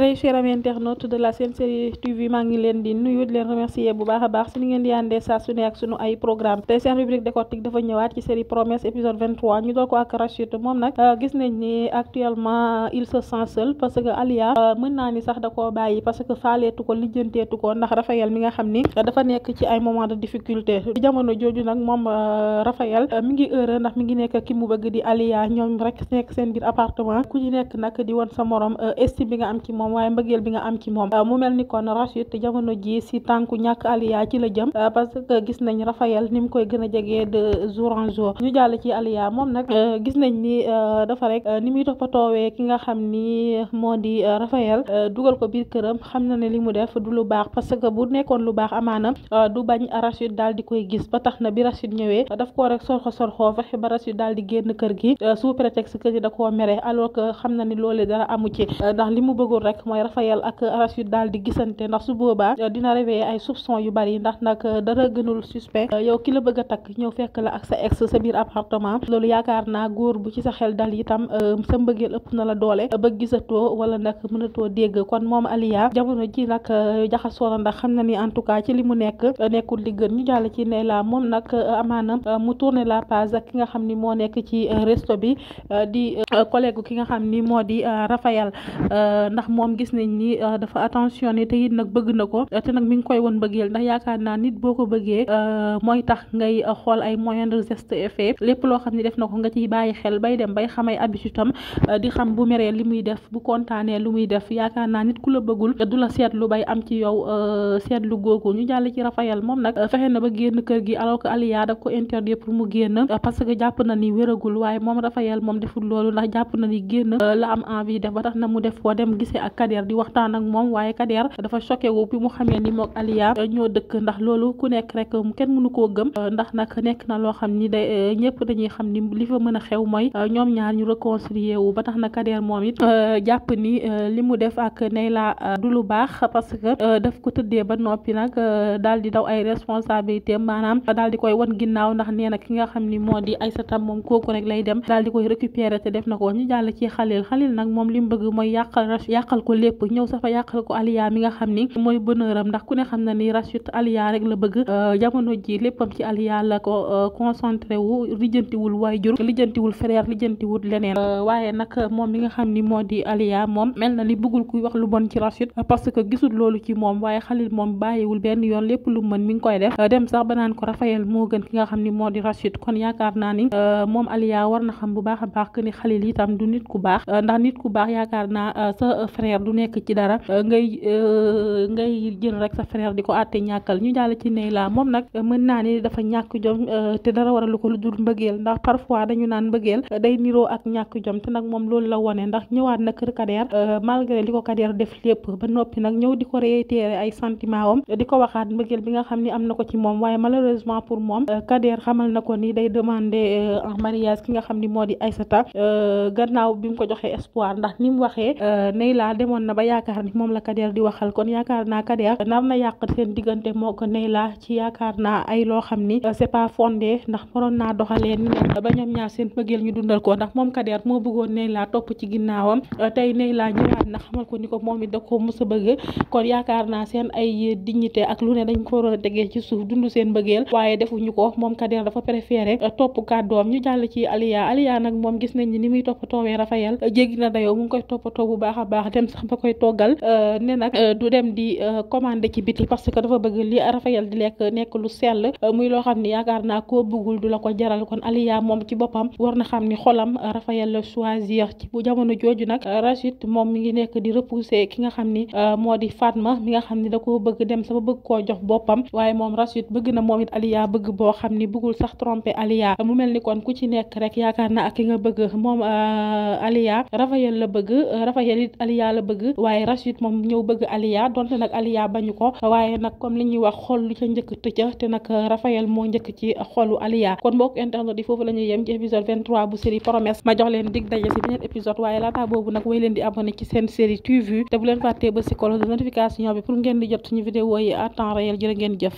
très chers amis internautes de la Sen Série TV maa ngi leen di nuyu di leen remercier bu baax a baax si ni ngeen di àndee saa sunu ay programme tey seen rubrique décortique dafa ñëwaat ci série promesse épisode 23 ñu doon ko ak Rachid moom nag euh, gis nañ ni actuellement il se sent parce que Alia euh, mën nga xam ni euh, dafa nekk ci ay moment de difficulté ci jooju nag moom Raphaël mi ngi heureux ndax mi ngi nekk ki bëgg di Alia ñoom moom waaye mbëggeel bi nga am ci moom ah, mu mel ni kon Rachid jamono ji si tànku ñàkk Aliya ci la jëm ah, parce que gis nañ Raphaël ni mu koy gën a jegee de jour en jour ñu jàll ci Aliya moom nag ah, gis nañ ni dafa rek ni muy toppatoowee ki nga xam ni moo di Raphaël dugal ko biir këram xam na ne li mu def du lu baax parce que bu nekkoon lu baax amaanam du bañ Rachid daal di koy gis ba tax na bi Rachid ñëwee def koo rek sorxo sorxoo fexe ba Rachid daal di génn kër gi sous prétexte que ni da koo mere alors xam na ni loolee dara amu ci ndax li mu bëggul rek nag mooy Raphaël ak Rachid daal di gisante ndax su boobaa euh, dina réveiller ay soupçon yu bari ndax nag euh, dara gënul suspect euh, yow ki la bëgg a takk ñëw fekk la ak sa ex sa biir appartement loolu yaakaar na góor bu ci sa xel dal itam sa mbëggeel ëpp na la doole ba gisatoo wala nag mënatoo dégg kon moom Aliya jamono ji nag jaxasoo na ndax xam na ni en tout cas ci li mu nekk nekkul li gën ñu jàll ci Neyla moom nag amaana mu tourner la page ak ki nga xam ni moo nekk ci resto bi di collègue ki nga xam ni moo di Raphaël ndax moom gis nañ ni euh, dafa attentionné te it nag bëgg na ko te nag mi ngi koy woon mbëggeel ndax yaakaar naa nit boo ko bëggee euh, mooy tax ngay xool ay moyens de geste effet lépp loo xam ne def na ko nga ci bàyyi xel bay dem bay xam ay habitude am euh, di xam bu meree li muy def bu kontaanee lu muy def yaakaar naa nit ku la bëggul du la seetlu bay am ci yow seetlu googu ñu jàll ci Raphaël moom nag fexe na ba génn kër gi aloo que Aliya daf ko pour mu génn parce que jàpp na ni wéragul waaye moom Raphaël moom deful loolu ndax jàpp na ni génn la am envie def ba tax na mu def foo gisee ak Kader di waxtaan ak moom waaye Kader dafa choqué wu bi mu xamee ni moog Aliya ñoo dëkk ndax loolu ku nekk rek kenn mënu koo gëm ndax nag nekk na loo xam ni day eh, ñëpp dañuy xam ni li fa mën a xew mooy eh, ñoom ñaar ñu réconcilier wu ba tax na Kader moom it eh, jàpp ni li mu def ak Neyla du lu baax parce que def ko tëddee ba noppi nag daal di daw ay responsabilité maanaam daal di koy wan ginnaaw ndax nee na ki nga xam ni moo di Aysata moom kooku rek lay dem daal koy récupérer te def na ko ñu jàll ci Xalil Xalil nag moom li bëgg mooy yàqal yàqal ko lépp ñëw safa yàqal ko Aliya mi nga xam ni mooy bonheuram ndax ku ne xam na ni Rachid Aliya rek la bëgg euh, jamono ji léppam ci Aliya la ko euh, concentré wu lijjantiwul waajur lijjantiwul frère lijjantiwul leneen euh, waaye nag moom mi nga xam ni moo di Aliya moom mel na ni bëggul kuy wax lu bon ci Rachid parce que gisul loolu ci moom waaye Khalil moom bàyyiwul benn yoon lép lu mën mi ngi koy def dem sax ba naan ko Raphaël moo gën ki nga xam ni moo di Rachid kon yaakaar naa ni moom Aliya war na a ni frère du nekk ci dara euh, ngay euh, ngay jël rek sa frère di ko àtte ñàkkal ñu jàll ci Neyla moom nag mën naa ni dafa ñàkk jom euh, te dara waralu ko lu jur mbëggeel ndax parfois dañu naan mbëggeel day niroo ak ñàkk jom te nag moom loolu la wone ndax ñëwaat na kër Kader malgré li ko Kader def lépp ba noppi nag ñëw di ko réitérer ay sentiment am di ko waxaat mbëggeel bi nga xam ni am na ko ci moom waaye malheureusement pour moom Kader xamal na ko ni day demander en mariage ki nga xam ni moo di Aysata gannaaw bi demoon na ba yaakaar ni moom la Kader di waxal kon yaakaar naa Kader nar na yàq seen diggante moo ko Neyla ci yaakaar naa ay xam ni euh, ba ñoom ñaar seen bëggeel ñu dundal ko ndax moom moo bëggoon Neyla topp ci ginnaawam euh, tey Neyla ko ni ko moom it da ko mës a bëgg kon yaakaar naa seen ay euh, dignité lu ne dañ ko war a tegee ci suuf dund seen bëggeel waaye defuñu ko moom Kader dafa préféré topp kàddoom ñu jàll ci Aliya Aliya nag moom gis nañ ni muy toppatoowee Raphaël jéggi na dayoo mu koy toppatoo bu baax a baax dem sax ma koy toggal euh, ne nag euh, du dem di euh, ci biti que dafa bëgg li Raphaël di lekk nekk lu sell muy loo xam ni yaakaar naa koo bëggul du la ko jaral kon Aliya moom ci boppam war na xam ni xolam Raphaël la ci jamono jooju nag Rachid moom mi ngi nekk di repousser ki nga xam ni moo di Fatma mi nga xam ni da koo bëgg dem sama bëgg koo jox boppam waaye moom Rachid bëgg na moom it Aliya bëgg boo xam ni bëggul sax tromper Aliya mu mel ni kon ku ci nekk rek yaakaar naa ki nga bëgg moom Aliya Raphaël la bëgg Raphaël Aliya la bëgg waaye Rachid moom ñëw bëgg Aliya donte nag Aliya bañu ko waaye nag comme li ñuy wax xol ca njëkk tëcca te nag Raphaël moo njëkk ci xolu Aliya kon mbokk internet yi foofu la ñuy yem ci épisode 23 bu série promesse ma jox leen dig daje épisode waaye laata boobu nag way leen di abonné ci seen série TV te bu leen si cloche de notification bi pour ngeen di jot suñu vidéo yi à temps réel jërë ngeen jëf